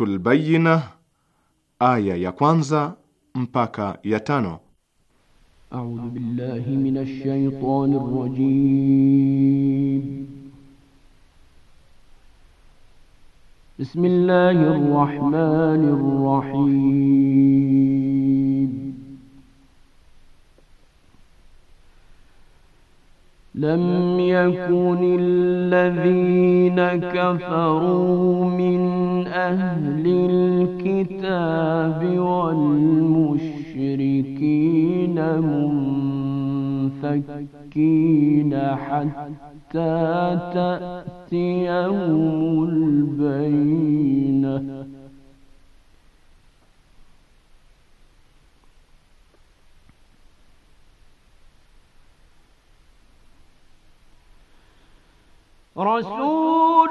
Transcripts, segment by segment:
Suratul Bayyina aya ya kwanza mpaka ya tano. A'udhu billahi minash shaitanir rajim. Bismillahir rahmanir rahim. لم يكن الذين كفروا من أهل الكتاب والمشركين منفكين حتى تأتيهم البينة رسول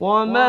وما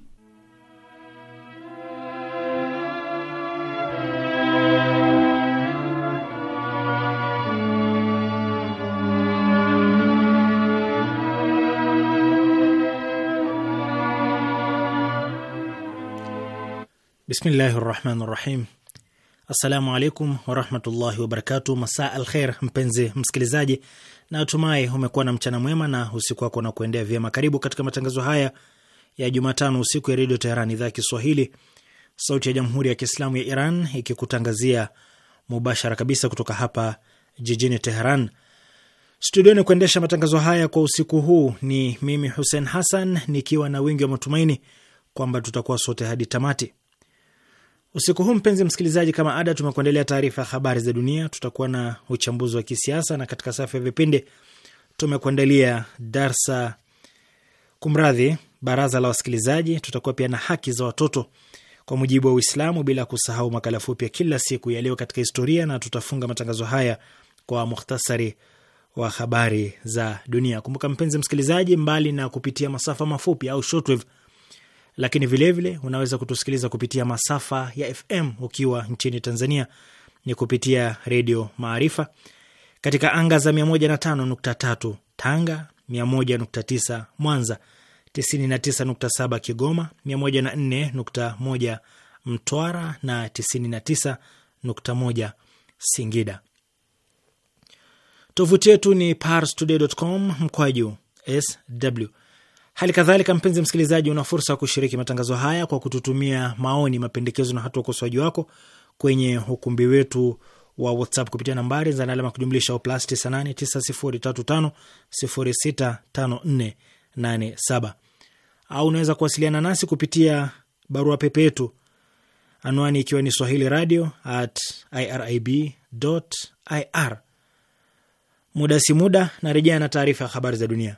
Bismillahi rahmani rahim. Assalamu alaikum warahmatullahi wabarakatu. Masa al kher, mpenzi msikilizaji, natumai umekuwa na mchana mwema na usiku wako na vyema. Karibu katika matangazo haya ya Jumatano usiku ya Redio Teheran, idhaa ya Kiswahili, sauti ya Jamhuri ya Kiislamu ya Iran, ikikutangazia mubashara kabisa kutoka hapa jijini Teheran studioni. Kuendesha matangazo haya kwa usiku huu ni mimi Hussein Hassan, nikiwa na wingi wa matumaini kwamba tutakuwa sote hadi tamati. Usiku huu mpenzi msikilizaji, kama ada, tumekuandalia taarifa ya habari za dunia, tutakuwa na uchambuzi wa kisiasa, na katika safu ya vipindi tumekuandalia darsa, kumradhi, baraza la wasikilizaji. Tutakuwa pia na haki za watoto kwa mujibu wa Uislamu, bila kusahau makala fupi ya kila siku yaliyo katika historia, na tutafunga matangazo haya kwa muhtasari wa habari za dunia. Kumbuka mpenzi msikilizaji, mbali na kupitia masafa mafupi au shortwave lakini vilevile vile, unaweza kutusikiliza kupitia masafa ya FM ukiwa nchini Tanzania ni kupitia Redio Maarifa katika anga za 105.3 Tanga, 101.9 Mwanza, 99.7 Kigoma, 104.1 Mtwara na 99.1 Singida. Tovuti yetu ni parstoday.com mkwaju sw Hali kadhalika, mpenzi msikilizaji, una fursa ya kushiriki matangazo haya kwa kututumia maoni, mapendekezo na hata ukosoaji wako kwenye ukumbi wetu wa WhatsApp kupitia nambari za alama kujumlisha plus 989035065487 au unaweza kuwasiliana nasi kupitia barua pepe yetu, anwani ikiwa ni swahili radio at irib ir. Muda si muda na rejea na taarifa ya habari za dunia.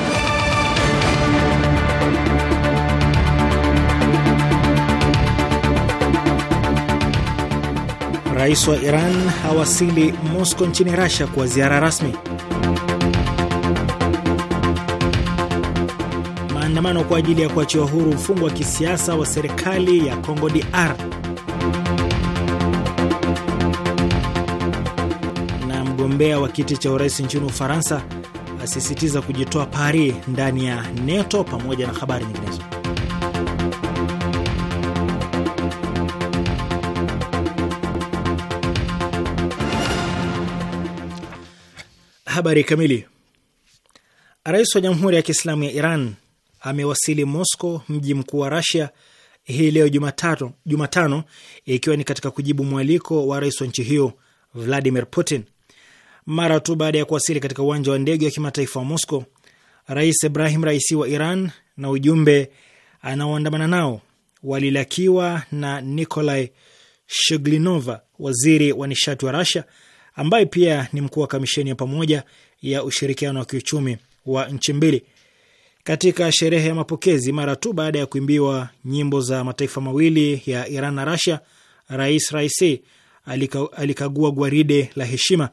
Rais wa Iran awasili Moscow nchini Russia kwa ziara rasmi. Maandamano kwa ajili ya kuachiwa huru mfungwa wa kisiasa wa serikali ya Congo DR. Na mgombea wa kiti cha urais nchini Ufaransa asisitiza kujitoa Paris ndani ya NATO pamoja na habari nyinginezo. Habari kamili. Rais wa Jamhuri ya Kiislamu ya Iran amewasili mosco mji mkuu wa Rasia, hii leo Jumatano, Jumatano ikiwa ni katika kujibu mwaliko wa rais wa nchi hiyo Vladimir Putin. Mara tu baada ya kuwasili katika uwanja wa ndege wa kimataifa wa mosco Rais Ibrahim Raisi wa Iran na ujumbe anaoandamana nao walilakiwa na Nikolai Shuglinova, waziri wa nishati wa Rasia, ambaye pia ni mkuu wa kamisheni ya pamoja ya ushirikiano wa kiuchumi wa nchi mbili. Katika sherehe ya mapokezi, mara tu baada ya kuimbiwa nyimbo za mataifa mawili ya Iran na Rasia, Rais Raisi alika, alikagua gwaride la heshima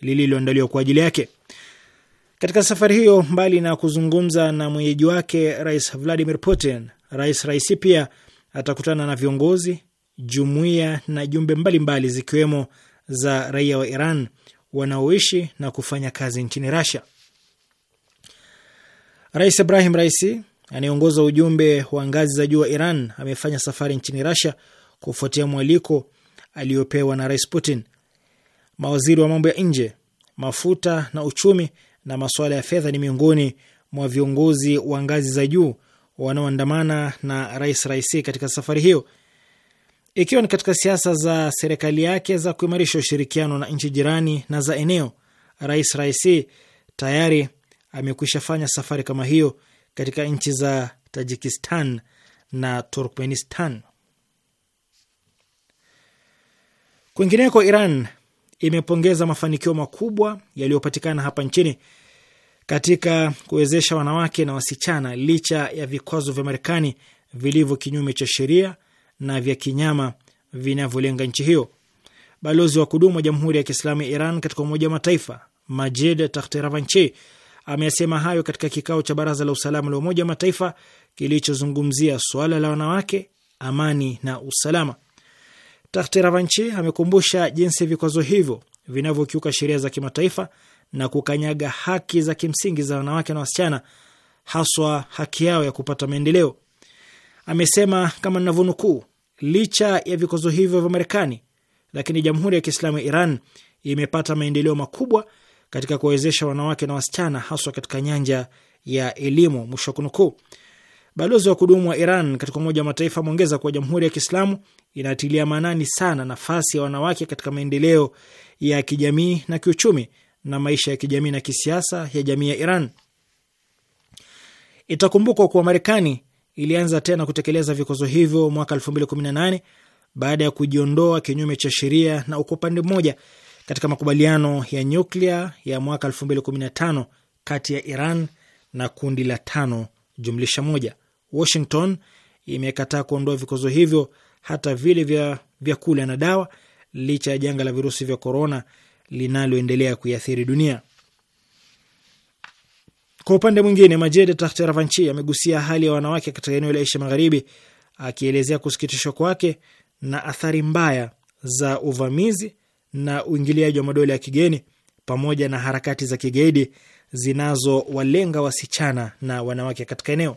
lililoandaliwa kwa ajili yake. Katika safari hiyo, mbali na kuzungumza na mwenyeji wake Rais Vladimir Putin, Rais Raisi pia atakutana na viongozi, jumuiya na jumbe mbalimbali mbali zikiwemo za raia wa Iran wanaoishi na kufanya kazi nchini Rasia. Rais Ibrahim Raisi anayeongoza ujumbe wa ngazi za juu wa Iran amefanya safari nchini Rasia kufuatia mwaliko aliyopewa na Rais Putin. Mawaziri wa mambo ya nje, mafuta na uchumi na masuala ya fedha ni miongoni mwa viongozi wa ngazi za juu wanaoandamana na Rais Raisi katika safari hiyo ikiwa ni katika siasa za serikali yake za kuimarisha ushirikiano na nchi jirani na za eneo. Rais Raisi tayari amekwisha fanya safari kama hiyo katika nchi za Tajikistan na Turkmenistan. Kwingineko, Iran imepongeza mafanikio makubwa yaliyopatikana hapa nchini katika kuwezesha wanawake na wasichana licha ya vikwazo vya Marekani vilivyo kinyume cha sheria na vya kinyama vinavyolenga nchi hiyo. Balozi wa kudumu wa Jamhuri ya Kiislamu ya Iran katika Umoja wa Mataifa Majid Tahteravanchi amesema hayo katika kikao cha Baraza la Usalama la Umoja wa Mataifa kilichozungumzia suala la wanawake, amani na usalama. Tahteravanchi amekumbusha jinsi vikwazo hivyo vinavyokiuka sheria za kimataifa na kukanyaga haki za kimsingi za wanawake na wasichana, haswa haki yao ya kupata maendeleo amesema kama ninavyonukuu, licha ya vikwazo hivyo vya Marekani, lakini Jamhuri ya Kiislamu ya Iran imepata maendeleo makubwa katika kuwawezesha wanawake na wasichana haswa katika nyanja ya elimu, mwisho wa kunukuu. Balozi wa kudumu wa Iran katika Umoja wa Mataifa ameongeza kuwa Jamhuri ya Kiislamu inatilia maanani sana nafasi ya wanawake katika maendeleo ya kijamii na kiuchumi na maisha ya kijamii na kisiasa ya jamii ya Iran. Itakumbukwa kuwa Marekani ilianza tena kutekeleza vikwazo hivyo mwaka 2018 baada ya kujiondoa kinyume cha sheria na uko upande mmoja katika makubaliano ya nyuklia ya mwaka 2015 kati ya Iran na kundi la tano jumlisha moja. Washington imekataa kuondoa vikwazo hivyo hata vile vya vyakula na dawa licha ya janga la virusi vya korona linaloendelea kuiathiri dunia. Kwa upande mwingine, Majed Tahtaravanchi amegusia hali ya wanawake katika eneo la Asia Magharibi, akielezea kusikitishwa kwake na athari mbaya za uvamizi na uingiliaji wa madola ya kigeni pamoja na harakati za kigaidi zinazowalenga wasichana na wanawake katika eneo.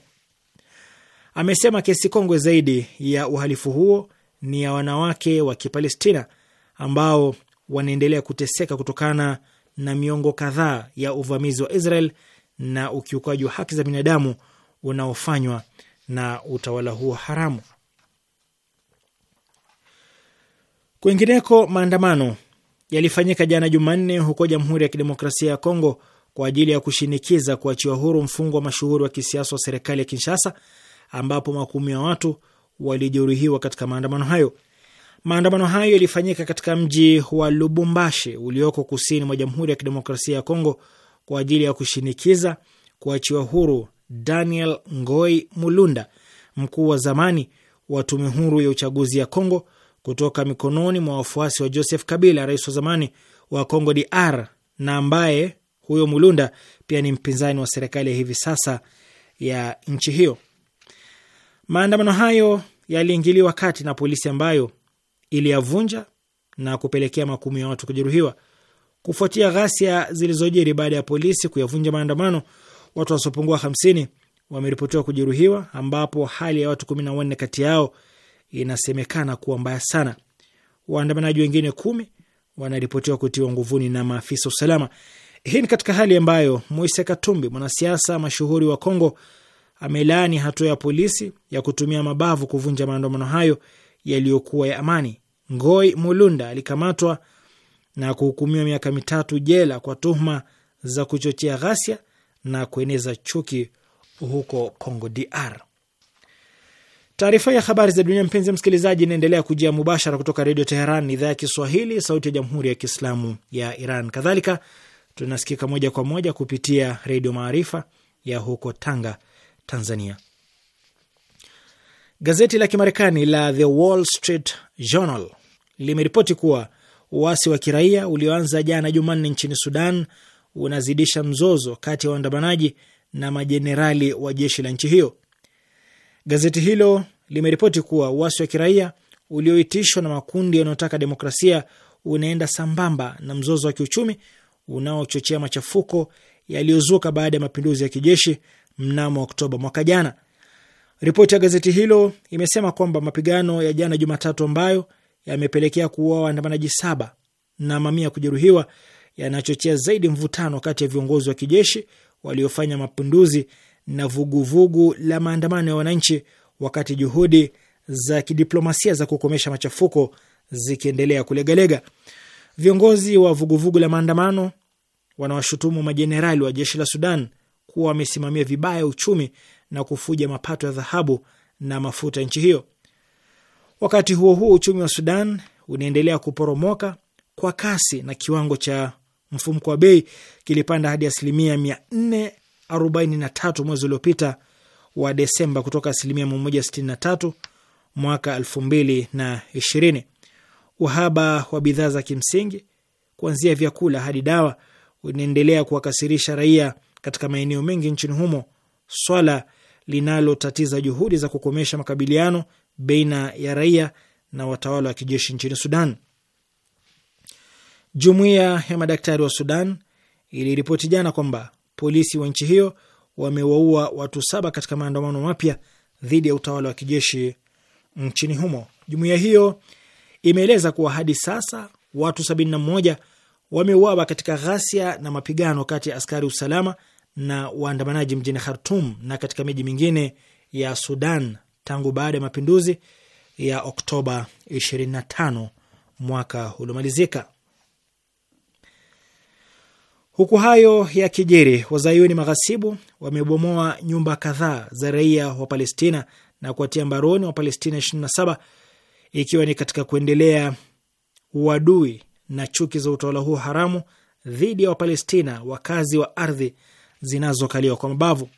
Amesema kesi kongwe zaidi ya uhalifu huo ni ya wanawake wa Kipalestina ambao wanaendelea kuteseka kutokana na miongo kadhaa ya uvamizi wa Israel na ukiukaji wa haki za binadamu unaofanywa na utawala huo haramu. Kwingineko, maandamano yalifanyika jana Jumanne huko Jamhuri ya Kidemokrasia ya Kongo kwa ajili ya kushinikiza kuachiwa huru mfungwa mashuhuri wa kisiasa wa serikali ya Kinshasa, ambapo makumi ya watu walijeruhiwa katika maandamano hayo. Maandamano hayo yalifanyika katika mji wa Lubumbashi ulioko kusini mwa Jamhuri ya Kidemokrasia ya Kongo kwa ajili ya kushinikiza kuachiwa huru Daniel Ngoi Mulunda, mkuu wa zamani wa tume huru ya uchaguzi ya Kongo, kutoka mikononi mwa wafuasi wa Joseph Kabila, rais wa zamani wa Kongo DR, na ambaye huyo Mulunda pia ni mpinzani wa serikali ya hivi sasa ya nchi hiyo. Maandamano hayo yaliingiliwa kati na polisi ambayo iliyavunja na kupelekea makumi ya watu kujeruhiwa kufuatia ghasia zilizojiri baada ya polisi kuyavunja maandamano. Watu wasiopungua hamsini wameripotiwa kujeruhiwa, ambapo hali ya watu wanne kati yao inasemekana kuwa mbaya sana. Waandamanaji wengine kumi wanaripotiwa kutiwa nguvuni na maafisa usalama. Hii ni katika hali ambayo Moise Katumbi, mwanasiasa mashuhuri wa Kongo, amelaani hatua ya polisi ya kutumia mabavu kuvunja maandamano hayo yaliyokuwa ya amani. Ngoi Mulunda alikamatwa na kuhukumiwa miaka mitatu jela kwa tuhuma za kuchochea ghasia na kueneza chuki huko Congo DR. Taarifa ya habari za dunia, mpenzi msikilizaji, inaendelea kujia mubashara kutoka Redio Teheran, idhaa ya Kiswahili, sauti ya jamhuri ya kiislamu ya Iran. Kadhalika tunasikika moja kwa moja kupitia Redio Maarifa ya huko Tanga, Tanzania. Gazeti la Kimarekani la The Wall Street Journal limeripoti kuwa Uasi wa kiraia ulioanza jana Jumanne nchini Sudan unazidisha mzozo kati ya waandamanaji na majenerali wa jeshi la nchi hiyo. Gazeti hilo limeripoti kuwa uasi wa kiraia ulioitishwa na makundi yanayotaka demokrasia unaenda sambamba na mzozo wa kiuchumi unaochochea machafuko yaliyozuka baada ya mapinduzi ya kijeshi mnamo Oktoba mwaka jana. Ripoti ya gazeti hilo imesema kwamba mapigano ya jana Jumatatu, ambayo yamepelekea kuua waandamanaji saba na mamia kujeruhiwa yanachochea zaidi mvutano kati ya viongozi wa kijeshi waliofanya mapinduzi na vuguvugu vugu la maandamano ya wananchi, wakati juhudi za kidiplomasia za kukomesha machafuko zikiendelea kulegalega. Viongozi wa vuguvugu vugu la maandamano wanawashutumu majenerali wa jeshi la Sudan kuwa wamesimamia vibaya uchumi na kufuja mapato ya dhahabu na mafuta nchi hiyo. Wakati huo huo, uchumi wa Sudan unaendelea kuporomoka kwa kasi na kiwango cha mfumko wa bei kilipanda hadi asilimia mia nne arobaini na tatu mwezi uliopita wa Desemba kutoka asilimia mia moja sitini na tatu mwaka elfu mbili na ishirini. Uhaba wa bidhaa za kimsingi kuanzia vyakula hadi dawa unaendelea kuwakasirisha raia katika maeneo mengi nchini humo, swala linalotatiza juhudi za kukomesha makabiliano baina ya raia na watawala wa kijeshi nchini Sudan. Jumuiya ya madaktari wa Sudan iliripoti jana kwamba polisi wa nchi hiyo wamewaua watu saba katika maandamano mapya dhidi ya utawala wa kijeshi nchini humo. Jumuiya hiyo imeeleza kuwa hadi sasa watu mmoja wameuawa katika ghasia na mapigano kati ya askari usalama na waandamanaji mjini Khartum na katika miji mingine ya Sudan tangu baada ya mapinduzi ya Oktoba 25 mwaka uliomalizika. Huku hayo ya kijiri, wazayuni maghasibu wamebomoa nyumba kadhaa za raia wa Palestina na kuwatia mbaroni wa Palestina 27 ikiwa ni katika kuendelea uadui na chuki za utawala huo haramu dhidi ya Wapalestina wakazi wa ardhi zinazokaliwa kwa mabavu.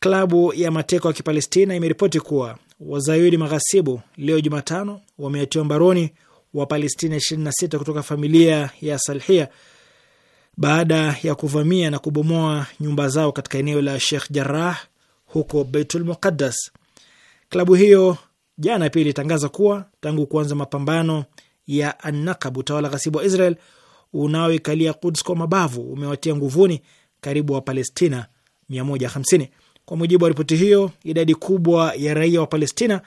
Klabu ya mateka wa Kipalestina imeripoti kuwa wazayuni maghasibu leo Jumatano wameatiwa mbaroni wa Palestina 26 kutoka familia ya Salhia baada ya kuvamia na kubomoa nyumba zao katika eneo la Sheikh Jarrah huko Beitul Muqaddas. Klabu hiyo jana pia ilitangaza kuwa tangu kuanza mapambano ya Annakab, utawala ghasibu wa Israel unaoikalia kudsko kwa mabavu umewatia nguvuni karibu wa Palestina 150. Kwa mujibu wa ripoti hiyo, idadi kubwa ya raia wa Palestina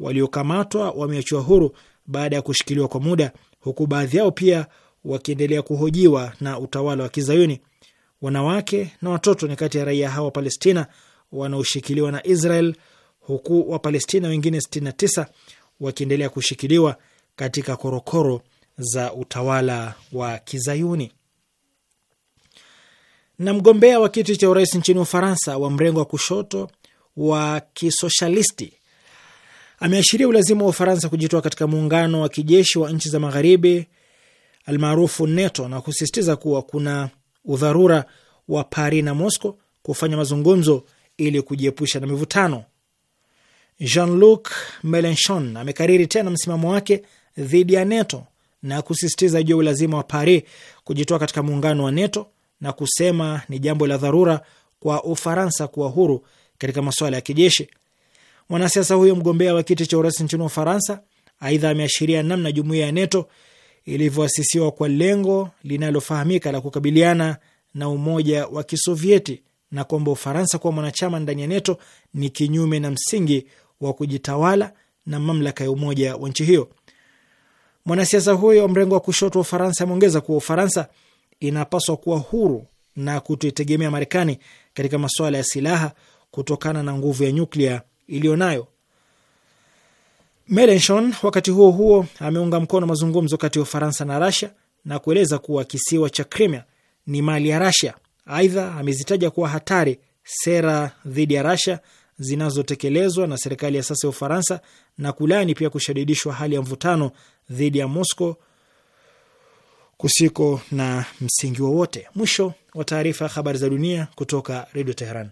waliokamatwa wameachiwa huru baada ya kushikiliwa kwa muda, huku baadhi yao pia wakiendelea kuhojiwa na utawala wa Kizayuni. Wanawake na watoto ni kati ya raia hao wa Palestina wanaoshikiliwa na Israel, huku Wapalestina wengine 69 wakiendelea kushikiliwa katika korokoro za utawala wa Kizayuni. Na mgombea wa kiti cha urais nchini Ufaransa wa mrengo wa kushoto wa kisoshalisti ameashiria ulazima wa Ufaransa kujitoa katika muungano wa kijeshi wa nchi za magharibi almaarufu NATO na kusisitiza kuwa kuna udharura wa Paris na Moscow kufanya mazungumzo ili kujiepusha na mivutano. Jean-Luc Melenchon amekariri tena msimamo wake dhidi ya NATO na kusisitiza juu ya ulazima wa Paris kujitoa katika muungano wa NATO na kusema ni jambo la dharura kwa Ufaransa kuwa huru katika masuala ya kijeshi. Mwanasiasa huyo mgombea wa kiti cha urais nchini Ufaransa aidha ameashiria namna jumuiya ya NATO ilivyoasisiwa kwa lengo linalofahamika la kukabiliana na Umoja wa Kisovieti na kwamba Ufaransa kuwa mwanachama ndani ya NATO ni kinyume na msingi wa kujitawala na mamlaka ya umoja wa nchi hiyo. Mwanasiasa huyo mrengo wa kushoto wa Ufaransa ameongeza kuwa Ufaransa inapaswa kuwa huru na kutoitegemea Marekani katika masuala ya silaha kutokana na nguvu ya nyuklia iliyo nayo. Melenchon wakati huo huo ameunga mkono mazungumzo kati ya Ufaransa na Rasia na kueleza kuwa kisiwa cha Crimea ni mali ya Rasia. Aidha, amezitaja kuwa hatari sera dhidi ya Rasia zinazotekelezwa na serikali ya sasa ya Ufaransa na kulani pia kushadidishwa hali ya mvutano dhidi ya Moscow kusiko na msingi wowote. Mwisho wa taarifa ya habari za dunia kutoka Redio Teheran.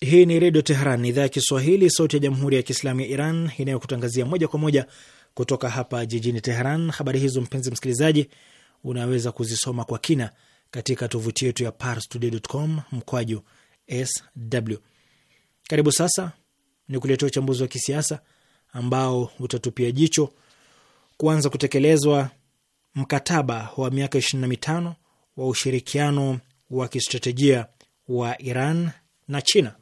Hii ni Redio Teheran, idhaa ya Kiswahili, sauti ya Jamhuri ya Kiislamu ya Iran inayokutangazia moja kwa moja kutoka hapa jijini Teheran. Habari hizo mpenzi msikilizaji, unaweza kuzisoma kwa kina katika tovuti yetu ya parstoday.com mkwaju sw. Karibu sasa ni kuletea uchambuzi wa kisiasa ambao utatupia jicho kuanza kutekelezwa mkataba wa miaka mitano wa ushirikiano wa kistratejia wa Iran na China.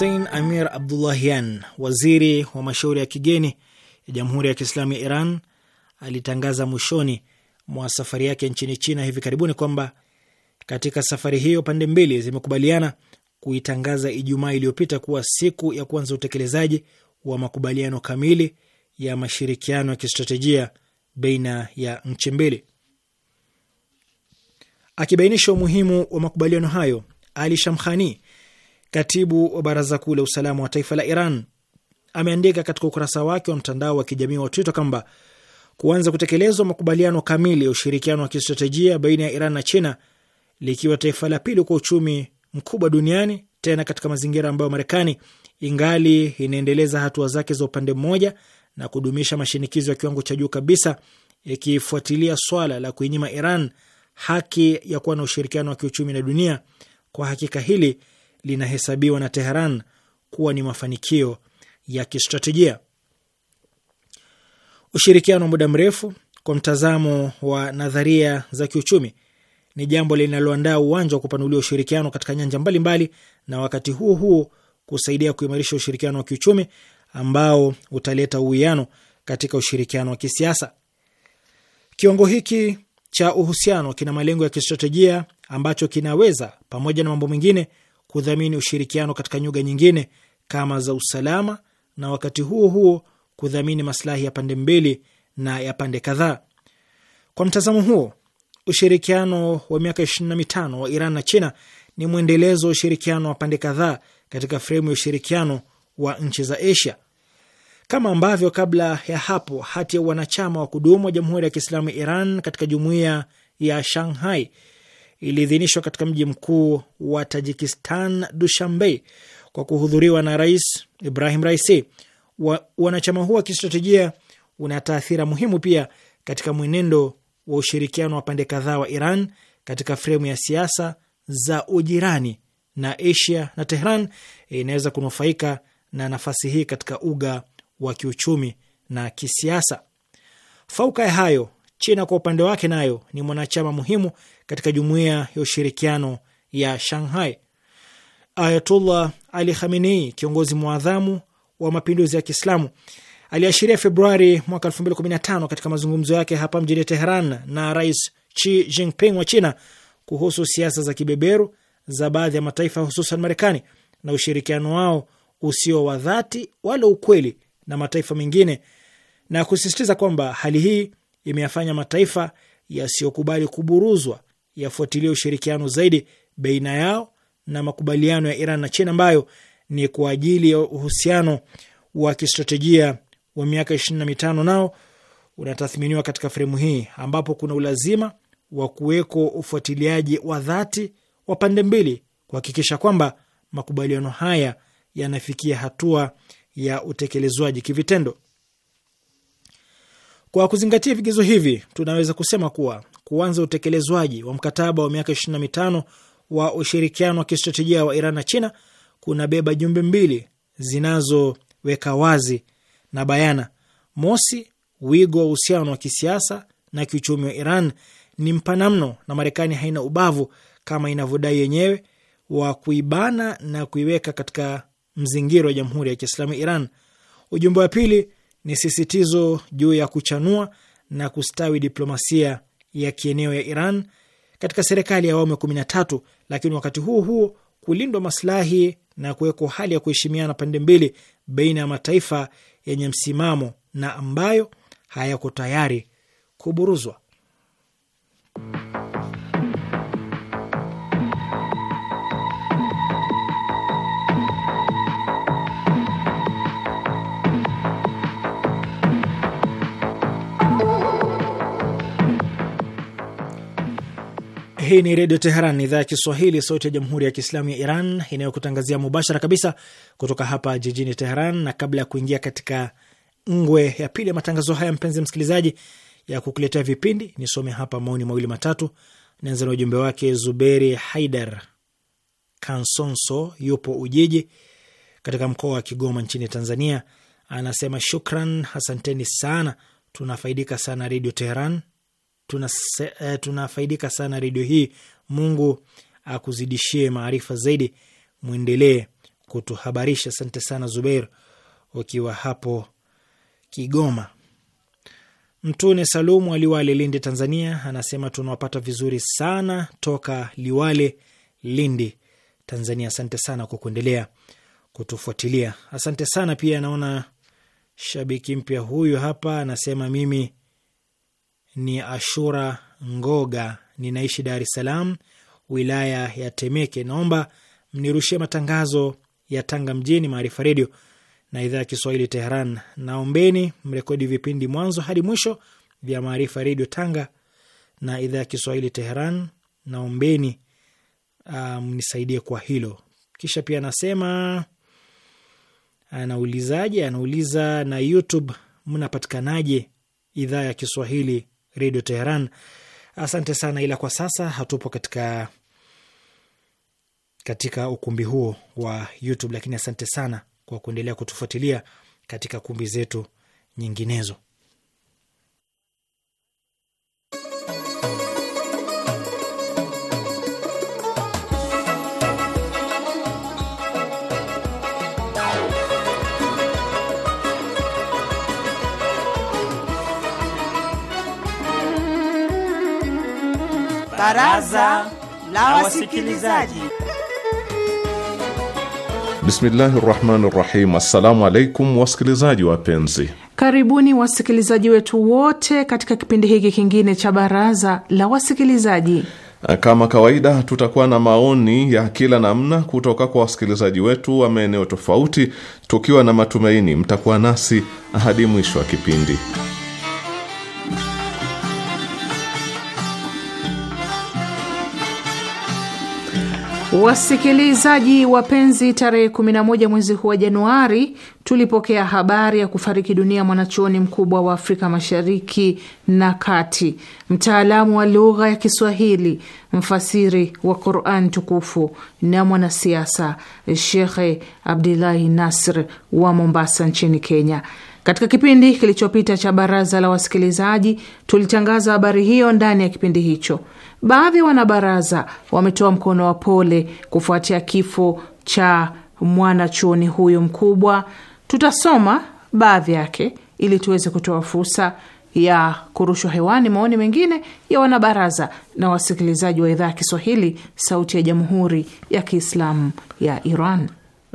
Hussein Amir Abdullahian, waziri wa mashauri ya kigeni ya Jamhuri ya Kiislamu ya Iran, alitangaza mwishoni mwa safari yake nchini China hivi karibuni kwamba katika safari hiyo pande mbili zimekubaliana kuitangaza Ijumaa iliyopita kuwa siku ya kuanza utekelezaji wa makubaliano kamili ya mashirikiano ya kistratejia baina ya nchi mbili. Akibainisha umuhimu wa makubaliano hayo, Ali Shamkhani Katibu wa Baraza Kuu la Usalama wa Taifa la Iran ameandika katika ukurasa wake wa mtandao wa kijamii wa Twitter kwamba kuanza kutekelezwa makubaliano kamili ya ushirikiano wa kistratejia baina ya Iran na China likiwa taifa la pili kwa uchumi mkubwa duniani, tena katika mazingira ambayo Marekani ingali inaendeleza hatua zake za upande mmoja na kudumisha mashinikizo ya kiwango cha juu kabisa, ikifuatilia swala la kuinyima Iran haki ya kuwa na ushirikiano wa kiuchumi na dunia. Kwa hakika hili linahesabiwa na Teheran kuwa ni mafanikio ya kistratejia. Ushirikiano wa muda mrefu kwa mtazamo wa nadharia za kiuchumi ni jambo linaloandaa uwanja wa kupanulia ushirikiano katika nyanja mbalimbali mbali, na wakati huo huo kusaidia kuimarisha ushirikiano wa kiuchumi ambao utaleta uwiano katika ushirikiano wa kisiasa. Kiwango hiki cha uhusiano kina malengo ya kistratejia ambacho kinaweza pamoja na mambo mengine kudhamini ushirikiano katika nyuga nyingine kama za usalama na wakati huo huo kudhamini maslahi ya pande mbili na ya pande kadhaa. Kwa mtazamo huo, ushirikiano wa miaka 25 wa Iran na China ni mwendelezo wa ushirikiano wa pande kadhaa katika fremu ya ushirikiano wa nchi za Asia. Kama ambavyo kabla ya hapo hati ya wanachama wa kudumu wa Jamhuri ya Kiislamu Iran katika jumuiya ya Shanghai iliidhinishwa katika mji mkuu wa Tajikistan, Dushanbe, kwa kuhudhuriwa na Rais Ibrahim Raisi. Wanachama huu wa kistratejia una taathira muhimu pia katika mwenendo wa ushirikiano wa pande kadhaa wa Iran katika fremu ya siasa za ujirani na Asia na Tehran eh, inaweza kunufaika na nafasi hii katika uga wa kiuchumi na kisiasa. Fauka ya hayo, China kwa upande wake nayo ni mwanachama muhimu katika jumuiya ya ushirikiano ya Shanghai. Ayatullah Ali Khamenei, kiongozi mwadhamu wa mapinduzi ya Kiislamu, aliashiria Februari mwaka 2015 katika mazungumzo yake hapa mjini Teheran na Rais Xi Jinping wa China kuhusu siasa za kibeberu za baadhi ya mataifa hususan Marekani na ushirikiano wao usio wa dhati wala ukweli na mataifa mengine na kusisitiza kwamba hali hii imeyafanya mataifa yasiyokubali kuburuzwa yafuatilie ushirikiano zaidi baina yao na makubaliano ya Iran na China ambayo ni kwa ajili ya uhusiano wa kistratejia wa miaka ishirini na mitano nao unatathminiwa katika fremu hii ambapo kuna ulazima wa kuweko ufuatiliaji wa dhati wa pande mbili kuhakikisha kwamba makubaliano haya yanafikia hatua ya utekelezwaji kivitendo. Kwa kuzingatia vigezo hivi, tunaweza kusema kuwa kuanza utekelezwaji wa mkataba wa miaka 25 wa ushirikiano wa kistratejia wa Iran na China kuna beba jumbe mbili zinazoweka wazi na bayana: mosi, wigo wa uhusiano wa kisiasa na kiuchumi wa Iran ni mpana mno na Marekani haina ubavu kama inavyodai yenyewe wa kuibana na kuiweka katika mzingiro wa Jamhuri ya Kiislamu Iran. Ujumbe wa pili ni sisitizo juu ya kuchanua na kustawi diplomasia ya kieneo ya Iran katika serikali ya awamu ya kumi na tatu, lakini wakati huo huo kulindwa maslahi na kuwekwa hali ya kuheshimiana pande mbili baina ya mataifa yenye msimamo na ambayo hayako tayari kuburuzwa. Hii ni Redio Teheran, idhaa ya Kiswahili, sauti ya Jamhuri ya Kiislamu ya Iran, inayokutangazia mubashara kabisa kutoka hapa jijini Teheran. Na kabla ya kuingia katika ngwe ya pili ya matangazo haya, mpenzi msikilizaji, ya kukuletea vipindi, nisome hapa maoni mawili matatu. Nianze na ujumbe wake Zuberi Haidar Kansonso, yupo Ujiji katika mkoa wa Kigoma nchini Tanzania. Anasema shukran, asanteni sana, tunafaidika sana Redio Teheran tunase, uh, eh, tunafaidika sana redio hii. Mungu akuzidishie maarifa zaidi, mwendelee kutuhabarisha. Asante sana Zubeir ukiwa hapo Kigoma. Mtune Salumu wa liwale Lindi, Tanzania, anasema tunawapata vizuri sana toka Liwale, Lindi, Tanzania. Asante sana kwa kuendelea kutufuatilia. Asante sana pia, naona shabiki mpya huyu hapa anasema mimi ni Ashura Ngoga, ninaishi Dar es Salaam, wilaya ya Temeke. Naomba mnirushie matangazo ya Tanga mjini Maarifa Redio na idhaa ya Kiswahili Teheran. Naombeni mrekodi vipindi mwanzo hadi mwisho vya Maarifa Redio Tanga na idhaa ya Kiswahili Teheran. Naombeni uh, mnisaidie um, kwa hilo. Kisha pia anasema anaulizaje? Anauliza na YouTube mnapatikanaje idhaa ya Kiswahili Redio Teheran. Asante sana, ila kwa sasa hatupo katika katika ukumbi huo wa YouTube, lakini asante sana kwa kuendelea kutufuatilia katika kumbi zetu nyinginezo. Baraza la Wasikilizaji. Bismillahi rahmani rahim. Assalamu alaikum wasikilizaji wapenzi, karibuni wasikilizaji wetu wote katika kipindi hiki kingine cha Baraza la Wasikilizaji. Kama kawaida tutakuwa na maoni ya kila namna kutoka kwa wasikilizaji wetu wa maeneo tofauti, tukiwa na matumaini mtakuwa nasi hadi mwisho wa kipindi. Wasikilizaji wapenzi, tarehe 11 mwezi huu wa Januari tulipokea habari ya kufariki dunia mwanachuoni mkubwa wa Afrika Mashariki na Kati, mtaalamu wa lugha ya Kiswahili, mfasiri wa Quran tukufu na mwanasiasa, Shekhe Abdullahi Nasr wa Mombasa nchini Kenya. Katika kipindi kilichopita cha Baraza la Wasikilizaji tulitangaza habari hiyo ndani ya kipindi hicho. Baadhi ya wanabaraza wametoa mkono wa pole kufuatia kifo cha mwanachuoni huyu mkubwa. Tutasoma baadhi yake ili tuweze kutoa fursa ya kurushwa hewani maoni mengine ya wanabaraza na wasikilizaji wa idhaa ya Kiswahili Sauti ya Jamhuri ya Kiislamu ya Iran.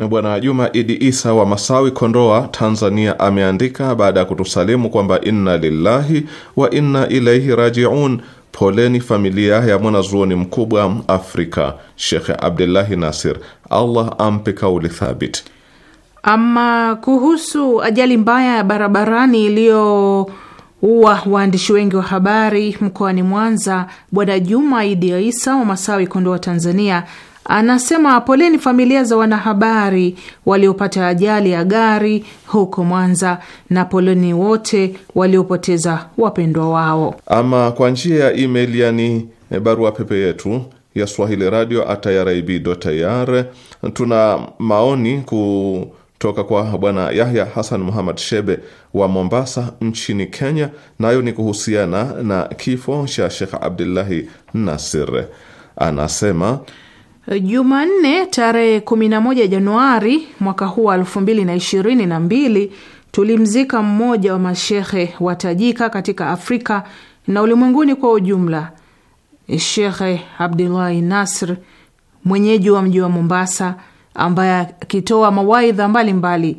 Bwana Juma Idi Isa wa Masawi, Kondoa, Tanzania, ameandika baada ya kutusalimu kwamba inna lillahi wa inna ilaihi rajiun Poleni familia ya mwanazuoni mkubwa Afrika Shekhe Abdullahi Nasir, Allah ampe kauli thabit. Ama kuhusu ajali mbaya ya barabarani iliyoua waandishi wengi wa habari mkoani Mwanza, Bwana Juma Idi Isa wa Masawi, Kondoa, Tanzania anasema poleni familia za wanahabari waliopata ajali ya gari huko Mwanza, na poleni wote waliopoteza wapendwa wao. Ama kwa njia ya email, yani eh, barua pepe yetu ya Swahili radio irib.ir, tuna maoni kutoka kwa bwana Yahya Hasan Muhammad Shebe wa Mombasa nchini Kenya, nayo ni kuhusiana na kifo cha Shekh Abdullahi Nasir. Anasema Jumanne tarehe 11 Januari mwaka huu wa 2022 tulimzika mmoja wa mashehe watajika katika Afrika na ulimwenguni kwa ujumla, Shekhe Abdullahi Nasr, mwenyeji wa mji wa Mombasa, ambaye akitoa mawaidha mbalimbali.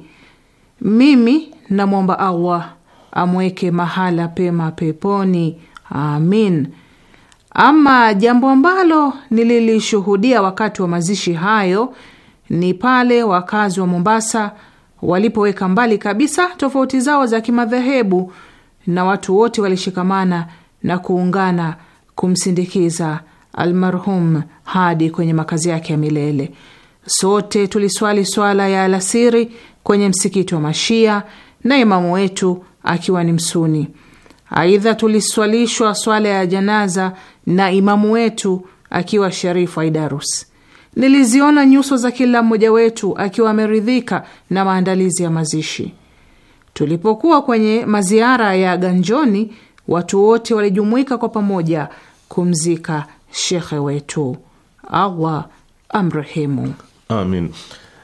Mimi namwomba Allah amweke mahala pema peponi, amin. Ama jambo ambalo nililishuhudia wakati wa mazishi hayo ni pale wakazi wa Mombasa walipoweka mbali kabisa tofauti zao za kimadhehebu na watu wote walishikamana na kuungana kumsindikiza almarhum hadi kwenye makazi yake ya milele. Sote tuliswali swala ya alasiri kwenye msikiti wa Mashia na imamu wetu akiwa ni Msuni. Aidha, tuliswalishwa swala ya janaza na imamu wetu akiwa sherifu Aidarus. Niliziona nyuso za kila mmoja wetu akiwa ameridhika na maandalizi ya mazishi. Tulipokuwa kwenye maziara ya Ganjoni, watu wote walijumuika kwa pamoja kumzika shekhe wetu. Allah amrehemu, amin.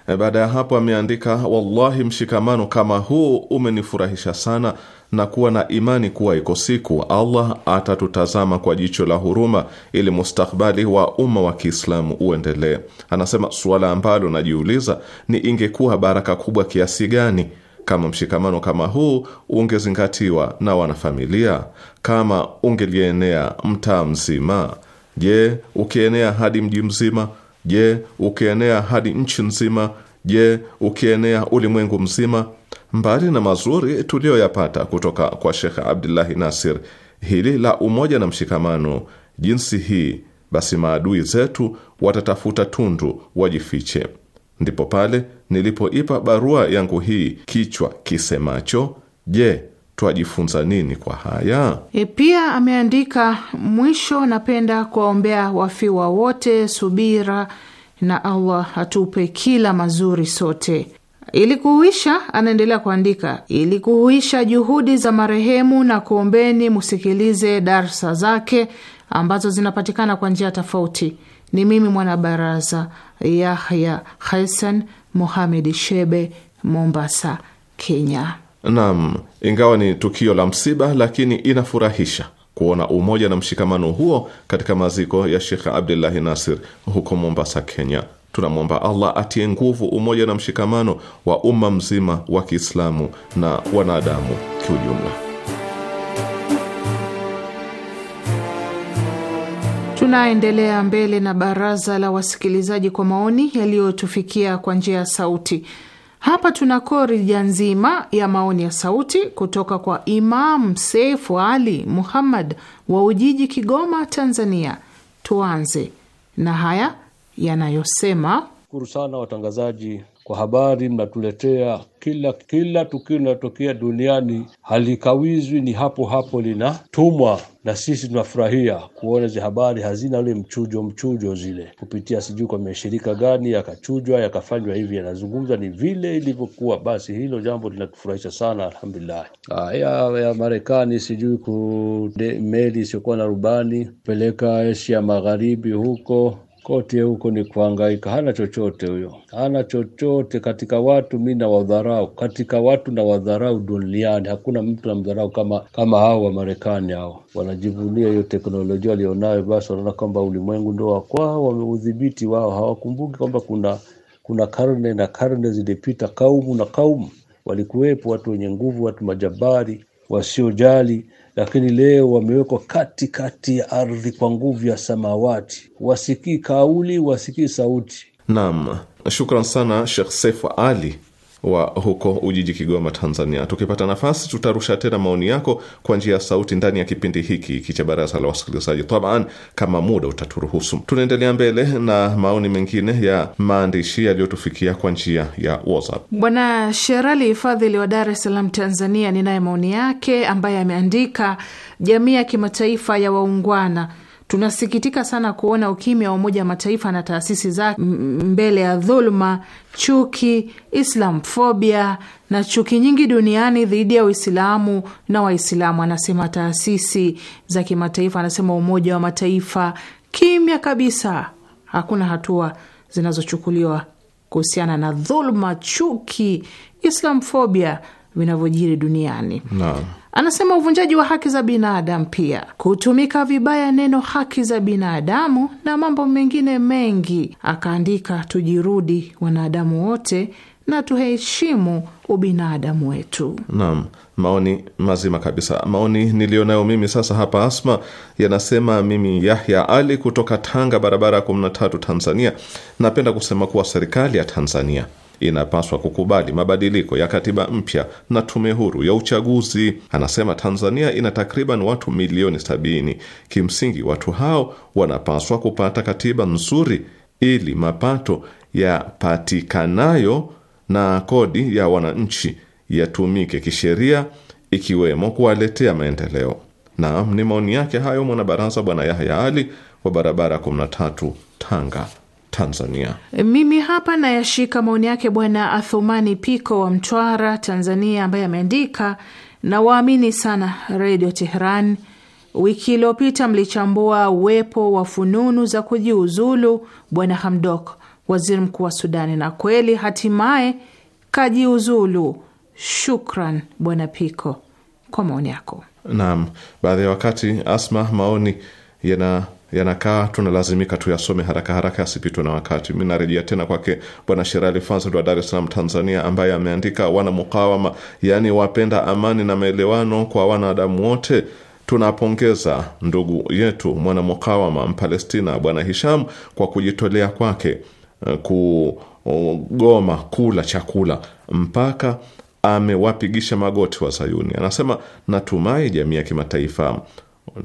E, baada ya hapo ameandika, wallahi mshikamano kama huu umenifurahisha sana na kuwa na imani kuwa iko siku Allah atatutazama kwa jicho la huruma ili mustakbali wa umma wa Kiislamu uendelee. Anasema suala ambalo najiuliza ni ingekuwa baraka kubwa kiasi gani kama mshikamano kama huu ungezingatiwa na wanafamilia, kama ungelienea mtaa mzima. Je, ukienea hadi mji mzima? Je, ukienea hadi nchi nzima? Je, ukienea ulimwengu mzima? Mbali na mazuri tuliyoyapata kutoka kwa Shekh Abdullahi Nasir, hili la umoja na mshikamano jinsi hii, basi maadui zetu watatafuta tundu wajifiche. Ndipo pale nilipoipa barua yangu hii kichwa kisemacho, Je, twajifunza nini kwa haya? E, pia ameandika mwisho, napenda kuwaombea wafiwa wote subira, na Allah atupe kila mazuri sote. Ili kuhuisha, anaendelea kuandika, ili kuhuisha juhudi za marehemu na kuombeni musikilize darsa zake ambazo zinapatikana kwa njia tofauti. Ni mimi mwanabaraza Yahya Hasan Muhamed Shebe, Mombasa, Kenya. Naam, ingawa ni tukio la msiba, lakini inafurahisha kuona umoja na mshikamano huo katika maziko ya Shekh Abdullahi Nasir huko Mombasa, Kenya. Tunamwomba Allah atie nguvu umoja na mshikamano wa umma mzima wa Kiislamu na wanadamu kiujumla. Tunaendelea mbele na baraza la wasikilizaji kwa maoni yaliyotufikia kwa njia ya sauti. Hapa tuna korija nzima ya maoni ya sauti kutoka kwa Imam Seifu Ali Muhammad wa Ujiji, Kigoma, Tanzania. Tuanze na haya yanayosema shukuru sana watangazaji kwa habari mnatuletea kila kila tukio linalotokea duniani halikawizwi, ni hapo hapo linatumwa, na sisi tunafurahia kuona hizi habari hazina ule mchujo mchujo, zile kupitia sijui kwa mashirika gani yakachujwa yakafanywa hivi, yanazungumza ni vile ilivyokuwa. Basi hilo jambo linatufurahisha sana, alhamdulillah. Haya ya Marekani sijui ku meli isiyokuwa na rubani peleka Asia Magharibi huko Kote huko ni kuhangaika, hana chochote huyo, hana chochote katika watu. Mi na wadharau katika watu na wadharau duniani, hakuna mtu na mdharau kama kama hao wa Marekani. Hao wanajivunia hiyo teknolojia walionayo, basi wanaona kwamba ulimwengu ndo kwao, wameudhibiti wao. Hawakumbuki kwamba kuna kuna karne na karne zilipita, kaumu na kaumu walikuwepo, watu wenye nguvu, watu majabari wasiojali lakini leo wamewekwa katikati ya ardhi kwa nguvu ya samawati, wasikii kauli, wasikii sauti. Naam, shukran sana Shekh Sefu Ali wa huko Ujiji, Kigoma, Tanzania. Tukipata nafasi, tutarusha tena maoni yako kwa njia ya sauti ndani ya kipindi hiki hiki cha baraza la wasikilizaji taban, kama muda utaturuhusu. Tunaendelea mbele na maoni mengine ya maandishi yaliyotufikia kwa njia ya WhatsApp. Bwana Sherali Fadhili wa Dar es Salaam, Tanzania, ninaye maoni yake ambaye ameandika, jamii ya kimataifa ya waungwana Tunasikitika sana kuona ukimya wa Umoja wa Mataifa na taasisi zake mbele ya dhuluma, chuki, islamfobia na chuki nyingi duniani dhidi ya Uislamu na Waislamu, anasema taasisi za kimataifa, anasema Umoja wa Mataifa. Kimya kabisa, hakuna hatua zinazochukuliwa kuhusiana na dhuluma, chuki, islamfobia vinavyojiri duniani no. Anasema uvunjaji wa haki za binadamu, pia kutumika vibaya neno haki za binadamu na mambo mengine mengi. Akaandika, tujirudi wanadamu wote na tuheshimu ubinadamu wetu. Naam, maoni mazima kabisa. Maoni niliyonayo mimi sasa hapa, Asma, yanasema mimi Yahya Ali kutoka Tanga, barabara ya kumi na tatu, Tanzania. Napenda kusema kuwa serikali ya Tanzania inapaswa kukubali mabadiliko ya katiba mpya na tume huru ya uchaguzi. Anasema Tanzania ina takriban watu milioni sabini. Kimsingi watu hao wanapaswa kupata katiba nzuri ili mapato yapatikanayo na kodi ya wananchi yatumike kisheria, ikiwemo kuwaletea maendeleo. Naam, ni maoni yake hayo mwanabaraza Bwana Yahya Ali wa barabara 13 Tanga, Tanzania. Mimi hapa nayashika maoni yake Bwana Athumani Piko wa Mtwara, Tanzania, ambaye ameandika na waamini sana Redio Teheran. Wiki iliyopita mlichambua uwepo wa fununu za kujiuzulu Bwana Hamdok, waziri mkuu wa Sudani, na kweli hatimaye kajiuzulu. Shukran Bwana Piko kwa maoni yako. Naam, baadhi ya wakati Asma, maoni yana yanakaa tunalazimika tuyasome haraka haraka, yasipitwe na wakati. Mi narejea tena kwake Bwana Sherali Fazl wa Dar es Salaam, Tanzania, ambaye ameandika wana mukawama, yaani wapenda amani na maelewano kwa wanadamu wote tunapongeza ndugu yetu mwanamukawama Mpalestina Bwana Hisham kwa kujitolea kwake eh, kugoma kula chakula mpaka amewapigisha magoti wa Sayuni. Anasema natumai jamii ya kimataifa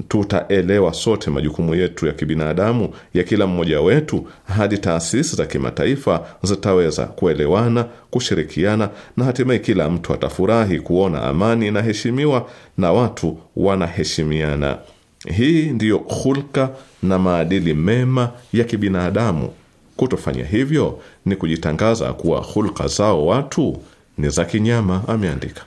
tutaelewa sote majukumu yetu ya kibinadamu ya kila mmoja wetu hadi taasisi za kimataifa zitaweza kuelewana, kushirikiana na hatimaye kila mtu atafurahi kuona amani inaheshimiwa na watu wanaheshimiana. Hii ndiyo hulka na maadili mema ya kibinadamu. Kutofanya hivyo ni kujitangaza kuwa hulka zao watu ni za kinyama, ameandika.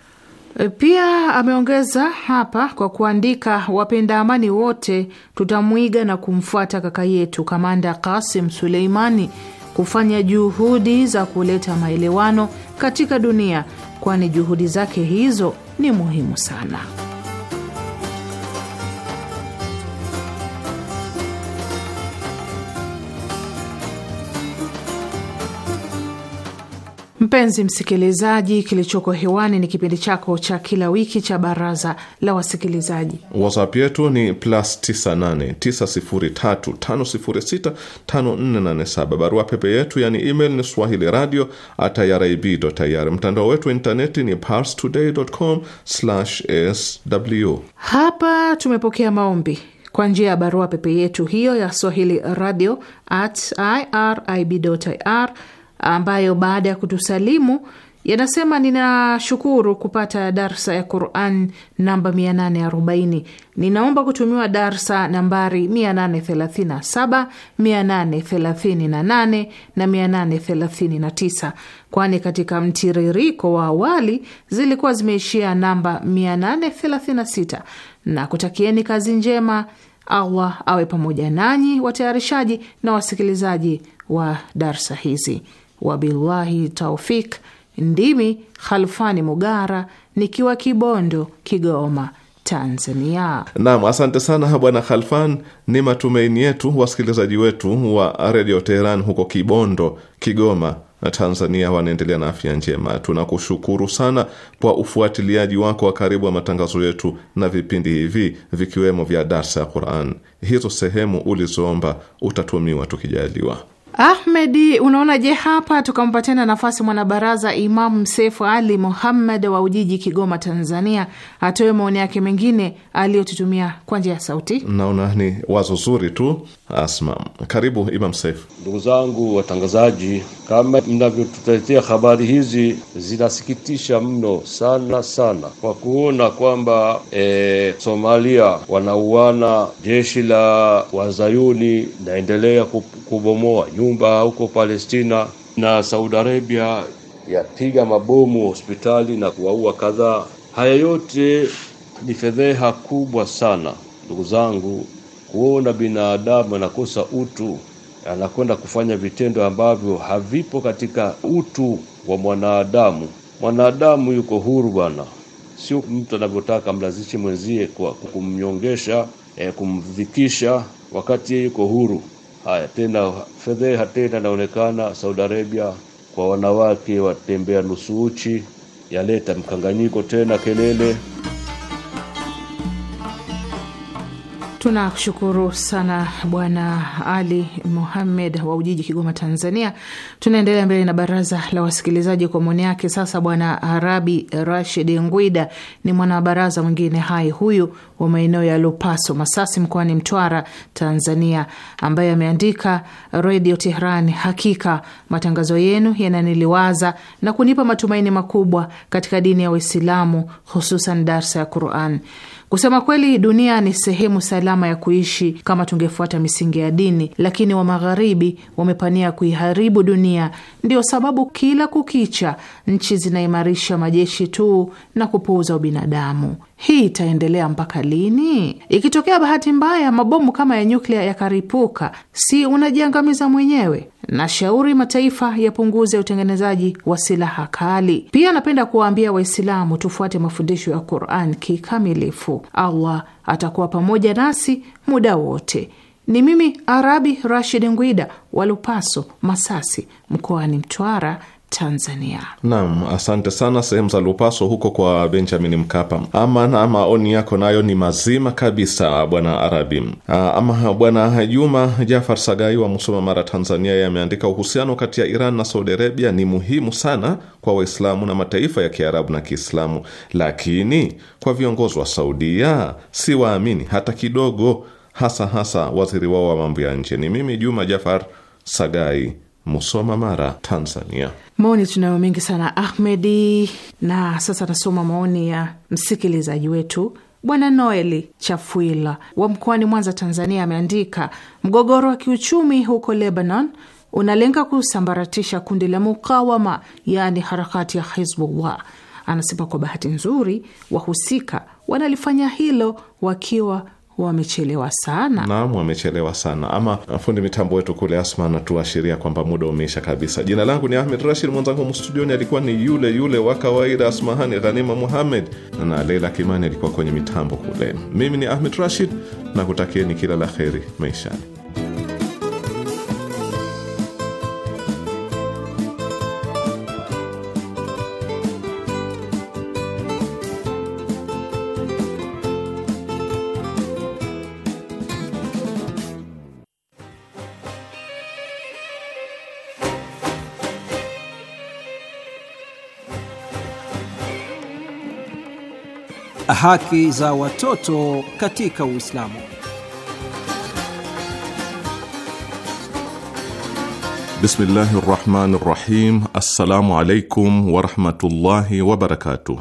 E, pia ameongeza hapa kwa kuandika, wapenda amani wote tutamwiga na kumfuata kaka yetu kamanda Kasim Suleimani kufanya juhudi za kuleta maelewano katika dunia, kwani juhudi zake hizo ni muhimu sana. Mpenzi msikilizaji, kilichoko hewani ni kipindi chako cha kila wiki cha baraza la wasikilizaji. WhatsApp yetu ni plus 989035065487. Barua pepe yetu yani email ni swahili radio at irib.ir. Mtandao wetu wa intaneti ni parstoday.com/sw. Hapa tumepokea maombi kwa njia ya barua pepe yetu hiyo ya swahili radio at irib.ir ambayo baada ya kutusalimu yanasema ninashukuru kupata darsa ya Quran namba 840. Ninaomba kutumiwa darsa nambari 837, 838 na 839, kwani katika mtiririko wa awali zilikuwa zimeishia namba 836. Na kutakieni kazi njema. Allah awe pamoja nanyi, watayarishaji na wasikilizaji wa darsa hizi. Wabillahi taufik. Ndimi Khalfani Mugara nikiwa Kibondo, Kigoma, Tanzania. Naam, asante sana Bwana Khalfan. Ni matumaini yetu wasikilizaji wetu wa Redio Teheran huko Kibondo, Kigoma, Tanzania wanaendelea na afya njema. Tunakushukuru sana kwa ufuatiliaji wako wa karibu wa matangazo yetu na vipindi hivi vikiwemo vya darsa ya Quran. Hizo sehemu ulizoomba utatumiwa tukijaliwa. Ahmedi, unaona je, hapa tukampa tena nafasi mwanabaraza Imamu sefu Ali Muhammad wa Ujiji, Kigoma, Tanzania, atoe maoni yake mengine aliyotutumia kwa njia ya sauti. Naona ni wazo zuri tu Asma. Karibu Imam Saif. Ndugu zangu watangazaji, kama mnavyotutaletea habari hizi zinasikitisha mno sana sana, kwa kuona kwamba e, Somalia wanauana, jeshi la wazayuni naendelea kubomoa nyumba huko Palestina, na Saudi Arabia yapiga mabomu hospitali na kuwaua kadhaa. Haya yote ni fedheha kubwa sana ndugu zangu kuona binadamu anakosa utu, anakwenda kufanya vitendo ambavyo havipo katika utu wa mwanadamu. Mwanadamu yuko huru bwana, sio mtu anavyotaka mlazishi mwenzie kwa kumnyongesha, eh, kumvikisha wakati yeye yuko huru. Haya tena fedheha tena inaonekana Saudi Arabia kwa wanawake watembea nusu uchi, yaleta mkanganyiko tena kelele. tunashukuru sana Bwana Ali Muhammed wa Ujiji, Kigoma, Tanzania. Tunaendelea mbele na baraza la wasikilizaji kwa maoni yake. Sasa Bwana Arabi Rashid Ngwida ni mwanabaraza mwingine hai huyu wa maeneo ya Lupaso, Masasi, mkoani Mtwara, Tanzania, ambaye ameandika: Redio Tehran, hakika matangazo yenu yananiliwaza na kunipa matumaini makubwa katika dini ya Uislamu, hususan darsa ya Quran. Kusema kweli, dunia ni sehemu salama ya kuishi kama tungefuata misingi ya dini, lakini wa magharibi wamepania kuiharibu dunia. ndio sababu kila kukicha nchi zinaimarisha majeshi tu na kupuuza ubinadamu. Hii itaendelea mpaka lini? Ikitokea bahati mbaya mabomu kama ya nyuklia yakaripuka, si unajiangamiza mwenyewe? Nashauri mataifa yapunguze utengenezaji wa silaha kali. Pia napenda kuwaambia Waislamu tufuate mafundisho ya Quran kikamilifu. Allah atakuwa pamoja nasi muda wote. Ni mimi Arabi Rashid Ngwida wa Lupaso, Masasi, mkoani Mtwara, Tanzania. Naam, asante sana sehemu za Lupaso huko kwa Benjamin Mkapa. Ama na maoni yako nayo ni mazima kabisa, bwana Arabi. Ah, ama bwana Juma Jafar Sagai wa Musoma, Mara, Tanzania, yameandika uhusiano kati ya Iran na Saudi Arabia ni muhimu sana kwa Waislamu na mataifa ya Kiarabu na Kiislamu, lakini kwa viongozi wa Saudia si waamini hata kidogo, hasa hasa waziri wao wa mambo ya nje. Ni mimi Juma Jafar Sagai Musoma, Mara, Tanzania. Maoni tunayo mengi sana Ahmedi, na sasa nasoma maoni ya msikilizaji wetu Bwana Noeli Chafuila wa mkoani Mwanza, Tanzania, ameandika mgogoro wa kiuchumi huko Lebanon unalenga kusambaratisha kundi la mukawama, yaani harakati ya Hizbullah. Anasema kwa bahati nzuri, wahusika wanalifanya hilo wakiwa wamechelewa sana. Naam, wamechelewa sana. Ama uh, fundi mitambo wetu kule Asma anatuashiria kwamba muda umeisha kabisa. Jina langu ni Ahmed Rashid, mwenzangu mstudioni alikuwa ni yule yule wa kawaida Asmahani Ghanima Muhammed, na Leila Kimani alikuwa kwenye mitambo kule. Mimi ni Ahmed Rashid na kutakieni kila la kheri maishani. Haki za watoto katika Uislamu. Bismillahi rahmani rahim. Assalamu alaikum warahmatullahi wabarakatuh.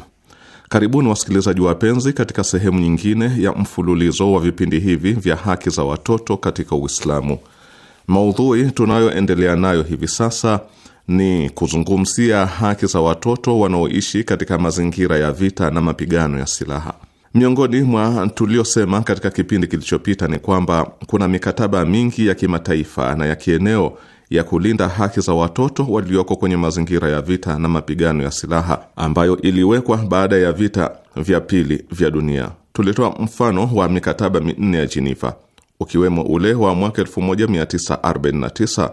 Karibuni wasikilizaji wapenzi, katika sehemu nyingine ya mfululizo wa vipindi hivi vya haki za watoto katika Uislamu. Maudhui tunayoendelea nayo hivi sasa ni kuzungumzia haki za watoto wanaoishi katika mazingira ya vita na mapigano ya silaha. Miongoni mwa tuliosema katika kipindi kilichopita ni kwamba kuna mikataba mingi ya kimataifa na ya kieneo ya kulinda haki za watoto walioko kwenye mazingira ya vita na mapigano ya silaha ambayo iliwekwa baada ya vita vya pili vya dunia. Tulitoa mfano wa mikataba minne ya Jiniva ukiwemo ule wa mwaka 1949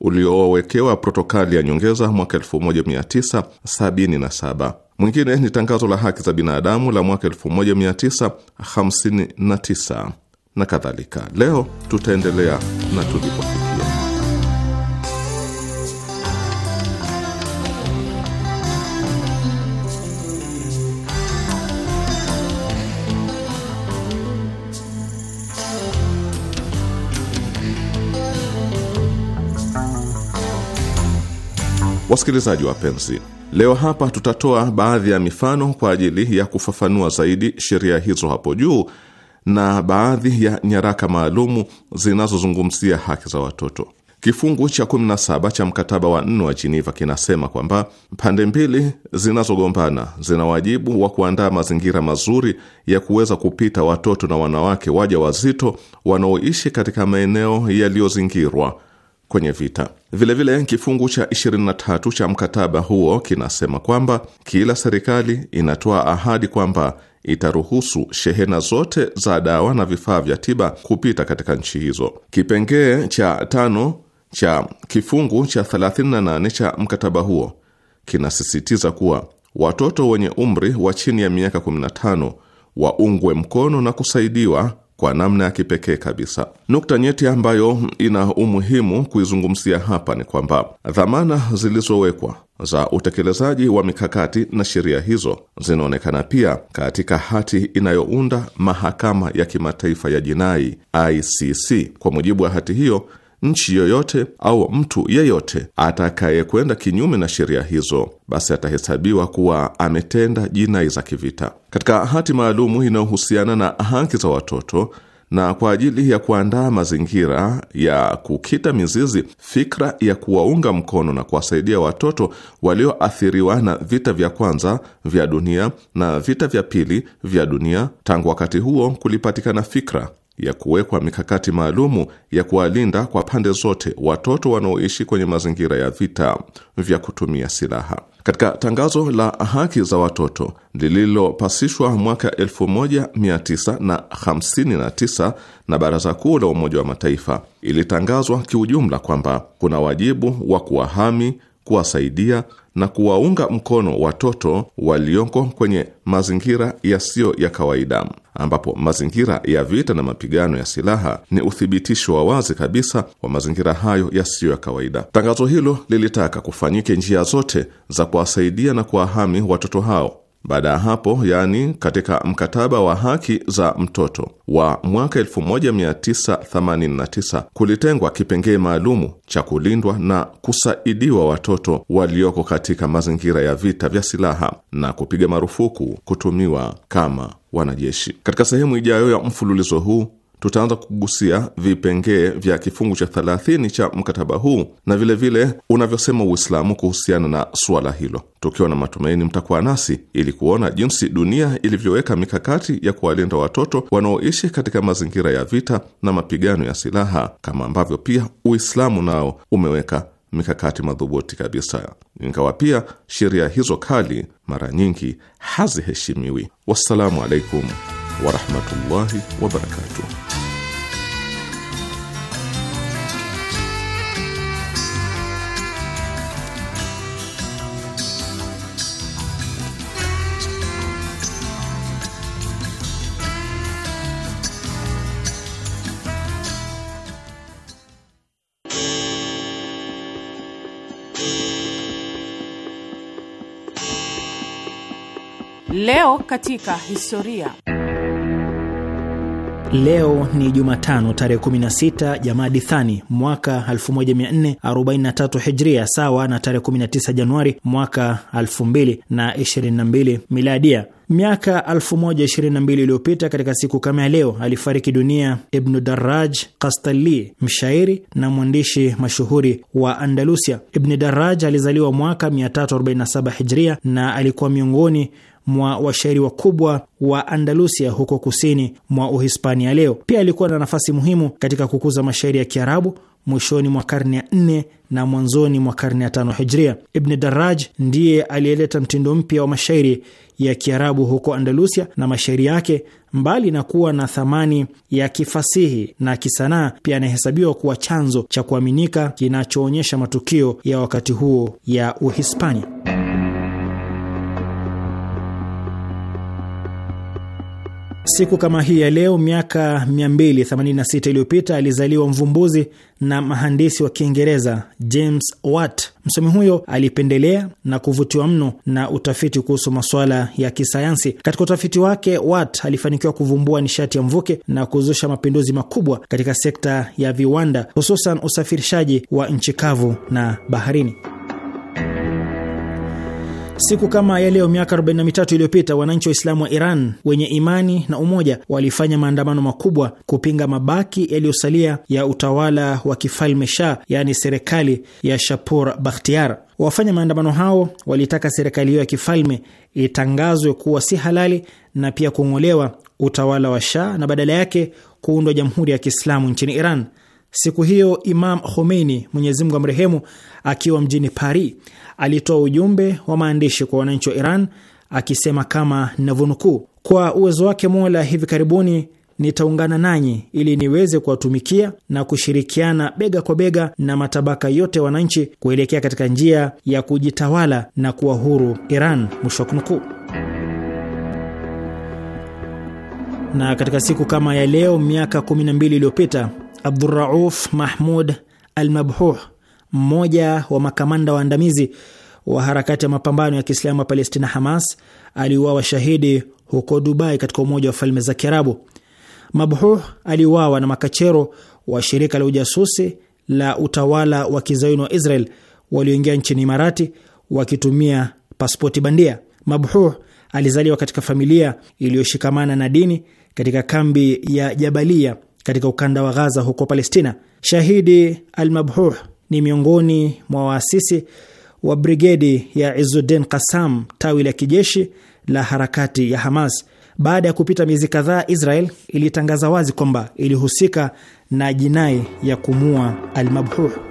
uliowekewa protokali ya nyongeza mwaka 1977. Mwingine ni tangazo la haki za binadamu la mwaka 1959 na kadhalika. Leo tutaendelea na tulipofika. Wasikilizaji wapenzi, leo hapa tutatoa baadhi ya mifano kwa ajili ya kufafanua zaidi sheria hizo hapo juu na baadhi ya nyaraka maalumu zinazozungumzia haki za watoto. Kifungu cha 17 cha mkataba wa nne wa jiniva kinasema kwamba pande mbili zinazogombana zina wajibu wa kuandaa mazingira mazuri ya kuweza kupita watoto na wanawake waja wazito wanaoishi katika maeneo yaliyozingirwa kwenye vita. Vilevile vile, kifungu cha 23 cha mkataba huo kinasema kwamba kila serikali inatoa ahadi kwamba itaruhusu shehena zote za dawa na vifaa vya tiba kupita katika nchi hizo. Kipengee cha tano cha kifungu cha 38 cha mkataba huo kinasisitiza kuwa watoto wenye umri wa chini ya miaka 15 waungwe mkono na kusaidiwa kwa namna ya kipekee kabisa. Nukta nyeti ambayo ina umuhimu kuizungumzia hapa ni kwamba dhamana zilizowekwa za utekelezaji wa mikakati na sheria hizo zinaonekana pia katika hati inayounda mahakama ya kimataifa ya jinai ICC. Kwa mujibu wa hati hiyo, nchi yoyote au mtu yeyote atakayekwenda kinyume na sheria hizo, basi atahesabiwa kuwa ametenda jinai za kivita. Katika hati maalumu inayohusiana na haki za watoto na kwa ajili ya kuandaa mazingira ya kukita mizizi fikra ya kuwaunga mkono na kuwasaidia watoto walioathiriwa na vita vya kwanza vya dunia na vita vya pili vya dunia. Tangu wakati huo kulipatikana fikra ya kuwekwa mikakati maalumu ya kuwalinda kwa pande zote watoto wanaoishi kwenye mazingira ya vita vya kutumia silaha. Katika tangazo la haki za watoto lililopasishwa mwaka 1959 na, na Baraza Kuu la Umoja wa Mataifa, ilitangazwa kiujumla kwamba kuna wajibu wa kuwahami, kuwasaidia na kuwaunga mkono watoto walioko kwenye mazingira yasiyo ya kawaida, ambapo mazingira ya vita na mapigano ya silaha ni uthibitisho wa wazi kabisa wa mazingira hayo yasiyo ya kawaida. Tangazo hilo lilitaka kufanyike njia zote za kuwasaidia na kuwahami watoto hao baada ya hapo, yaani katika mkataba wa haki za mtoto wa mwaka 1989 kulitengwa kipengee maalumu cha kulindwa na kusaidiwa watoto walioko katika mazingira ya vita vya silaha na kupiga marufuku kutumiwa kama wanajeshi. Katika sehemu ijayo ya mfululizo huu tutaanza kugusia vipengee vya kifungu cha 30 cha mkataba huu na vilevile unavyosema Uislamu kuhusiana na suala hilo, tukiwa na matumaini mtakuwa nasi ili kuona jinsi dunia ilivyoweka mikakati ya kuwalinda watoto wanaoishi katika mazingira ya vita na mapigano ya silaha, kama ambavyo pia Uislamu nao umeweka mikakati madhubuti kabisa, ingawa pia sheria hizo kali mara nyingi haziheshimiwi. Wassalamu alaikum warahmatullahi wabarakatuh. Leo katika historia Leo ni Jumatano tarehe 16 Jamadi Thani mwaka 1443 Hijria, sawa na tarehe 19 Januari mwaka 2022 Miladia. Miaka 1022 iliyopita katika siku kama ya leo alifariki dunia Ibnu Daraj Kastali, mshairi na mwandishi mashuhuri wa Andalusia. ibnu Daraj alizaliwa mwaka 347 Hijria na alikuwa miongoni mwa washairi wakubwa wa Andalusia huko kusini mwa Uhispania leo. Pia alikuwa na nafasi muhimu katika kukuza mashairi ya Kiarabu mwishoni mwa karne ya 4 na mwanzoni mwa karne ya tano hijria. Ibni Daraj ndiye aliyeleta mtindo mpya wa mashairi ya Kiarabu huko Andalusia, na mashairi yake mbali na kuwa na thamani ya kifasihi na kisanaa, pia anahesabiwa kuwa chanzo cha kuaminika kinachoonyesha matukio ya wakati huo ya Uhispania. Siku kama hii ya leo miaka 286 iliyopita alizaliwa mvumbuzi na mhandisi wa Kiingereza James Watt. Msomi huyo alipendelea na kuvutiwa mno na utafiti kuhusu masuala ya kisayansi. Katika utafiti wake, Watt alifanikiwa kuvumbua nishati ya mvuke na kuzusha mapinduzi makubwa katika sekta ya viwanda, hususan usafirishaji wa nchi kavu na baharini. Siku kama ya leo miaka 43 iliyopita wananchi wa Islamu wa Iran wenye imani na umoja walifanya maandamano makubwa kupinga mabaki yaliyosalia ya utawala wa kifalme Shah, yaani serikali ya Shapur Bakhtiar. Wafanya maandamano hao walitaka serikali hiyo ya kifalme itangazwe kuwa si halali na pia kung'olewa utawala wa Shah na badala yake kuundwa jamhuri ya Kiislamu nchini Iran. Siku hiyo Imam Khomeini, Mwenyezi Mungu amrehemu, akiwa mjini Paris, alitoa ujumbe wa maandishi kwa wananchi wa Iran akisema kama ninavyonukuu: kwa uwezo wake Mola, hivi karibuni nitaungana nanyi ili niweze kuwatumikia na kushirikiana bega kwa bega na matabaka yote ya wananchi kuelekea katika njia ya kujitawala na kuwa huru Iran. Mwisho wa kunukuu. Na katika siku kama ya leo miaka 12 iliyopita Abdurauf Mahmud Al-Mabhuh, mmoja wa makamanda waandamizi wa harakati ya mapambano ya Kiislamu ya Palestina Hamas, aliuawa shahidi huko Dubai katika Umoja wa Falme za Kiarabu. Mabhuh aliuawa na makachero wa shirika la ujasusi la utawala wa kizayuni wa Israel walioingia nchini Imarati wakitumia paspoti bandia. Mabhuh alizaliwa katika familia iliyoshikamana na dini katika kambi ya Jabalia katika ukanda wa Ghaza huko Palestina. Shahidi Al-Mabhuh ni miongoni mwa waasisi wa brigedi ya izudin Kasam, tawi la kijeshi la harakati ya Hamas. Baada ya kupita miezi kadhaa, Israel ilitangaza wazi kwamba ilihusika na jinai ya kumua Al-Mabhuh.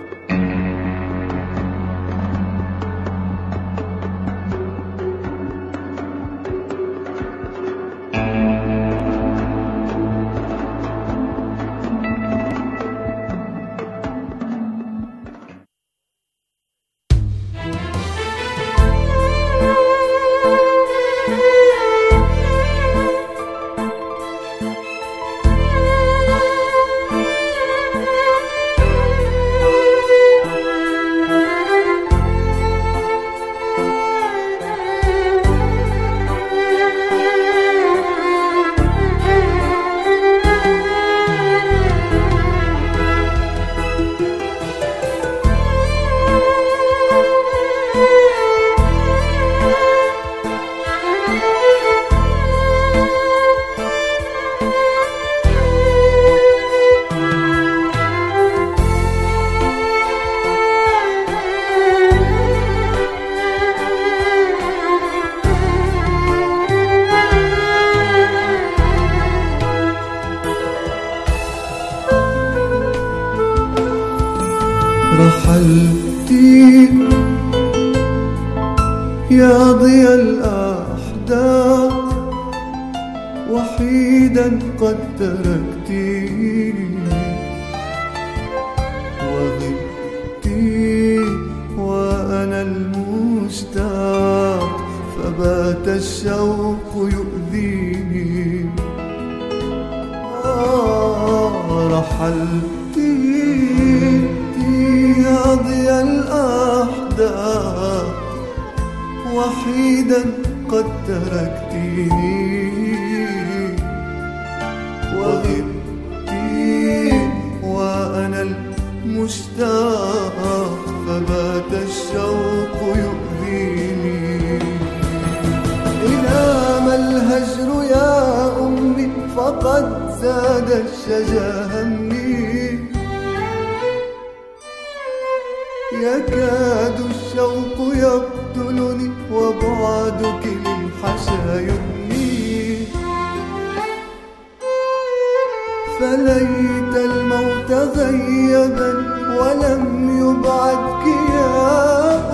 يبعدك يا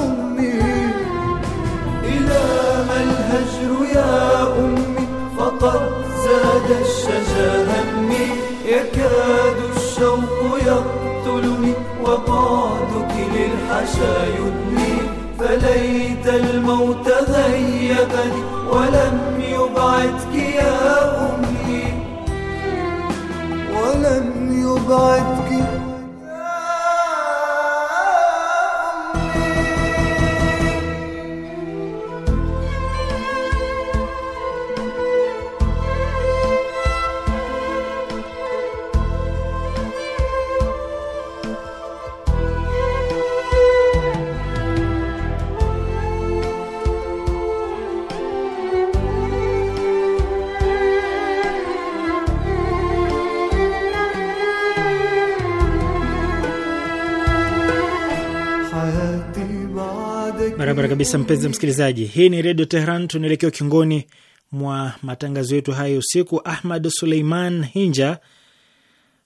أمي إلى ما الهجر يا أمي فقد زاد الشجا همي يكاد الشوق يقتلني وبعدك للحشا يدني فليت الموت غيبني ولم يبعدك يا أمي ولم يبعدك kabisa, mpenzi msikilizaji. Hii ni Redio Tehran. Tunaelekea ukingoni mwa matangazo yetu haya usiku. Ahmad Suleiman Hinja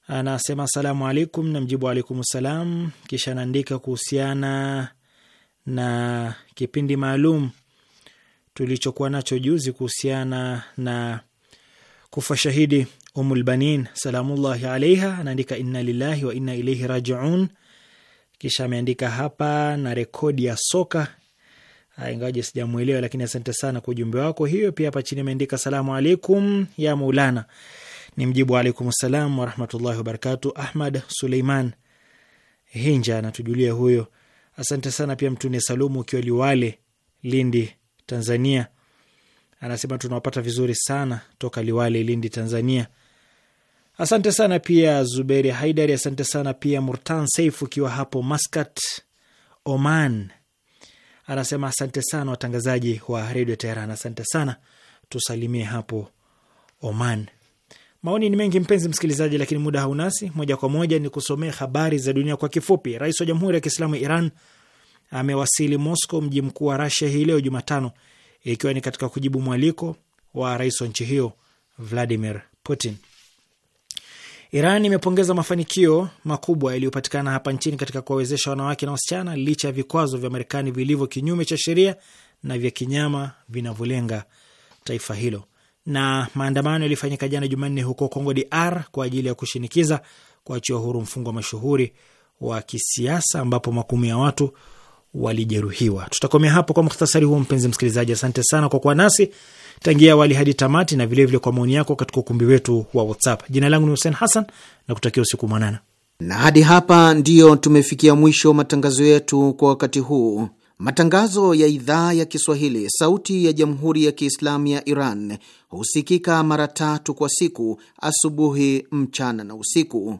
anasema asalamu alaikum, na mjibu alaikum salam, kisha anaandika kuhusiana na kipindi maalum tulichokuwa nacho juzi kuhusiana na kufa shahidi Umulbanin salamullahi alaiha. Anaandika inna lillahi wa inna ilaihi rajiun. Kisha ameandika hapa na rekodi ya soka Ah, ingawaje sijamwelewa, lakini asante sana kwa ujumbe wako. Hiyo pia hapa chini ameandika salamu alaikum ya Maulana, ni mjibu alaikum salam warahmatullahi wabarakatu. Ahmad Suleiman Hinja anatujulia huyo, asante sana pia. Mtune Salumu ukiwa Liwale, Lindi, Tanzania, anasema tunawapata vizuri sana toka Liwale, Lindi, Tanzania. Asante sana pia Zuberi Haidari, asante sana pia Murtan Saif ukiwa hapo Maskat, Oman anasema asante sana watangazaji wa redio Teheran, asante sana. Tusalimie hapo Oman. Maoni ni mengi mpenzi msikilizaji, lakini muda haunasi. Moja kwa moja ni kusomea habari za dunia kwa kifupi. Rais wa Jamhuri ya Kiislamu ya Iran amewasili mosco mji mkuu wa Rasia, hii leo Jumatano, ikiwa ni katika kujibu mwaliko wa rais wa nchi hiyo Vladimir Putin. Iran imepongeza mafanikio makubwa yaliyopatikana hapa nchini katika kuwawezesha wanawake na wasichana licha ya vikwazo vya Marekani vilivyo kinyume cha sheria na vya kinyama vinavyolenga taifa hilo. Na maandamano yalifanyika jana Jumanne huko Kongo DR kwa ajili ya kushinikiza kuachiwa huru mfungwa mashuhuri wa kisiasa ambapo makumi ya watu walijeruhiwa. Tutakomea hapo kwa muhtasari huo, mpenzi msikilizaji. Asante sana kwa kuwa nasi tangia awali hadi tamati, na vilevile kwa maoni yako katika ukumbi wetu wa WhatsApp. Jina langu ni Hussein Hassan na kutakia usiku mwanana, na hadi hapa ndiyo tumefikia mwisho matangazo yetu kwa wakati huu. Matangazo ya idhaa ya Kiswahili, sauti ya jamhuri ya kiislamu ya Iran husikika mara tatu kwa siku: asubuhi, mchana na usiku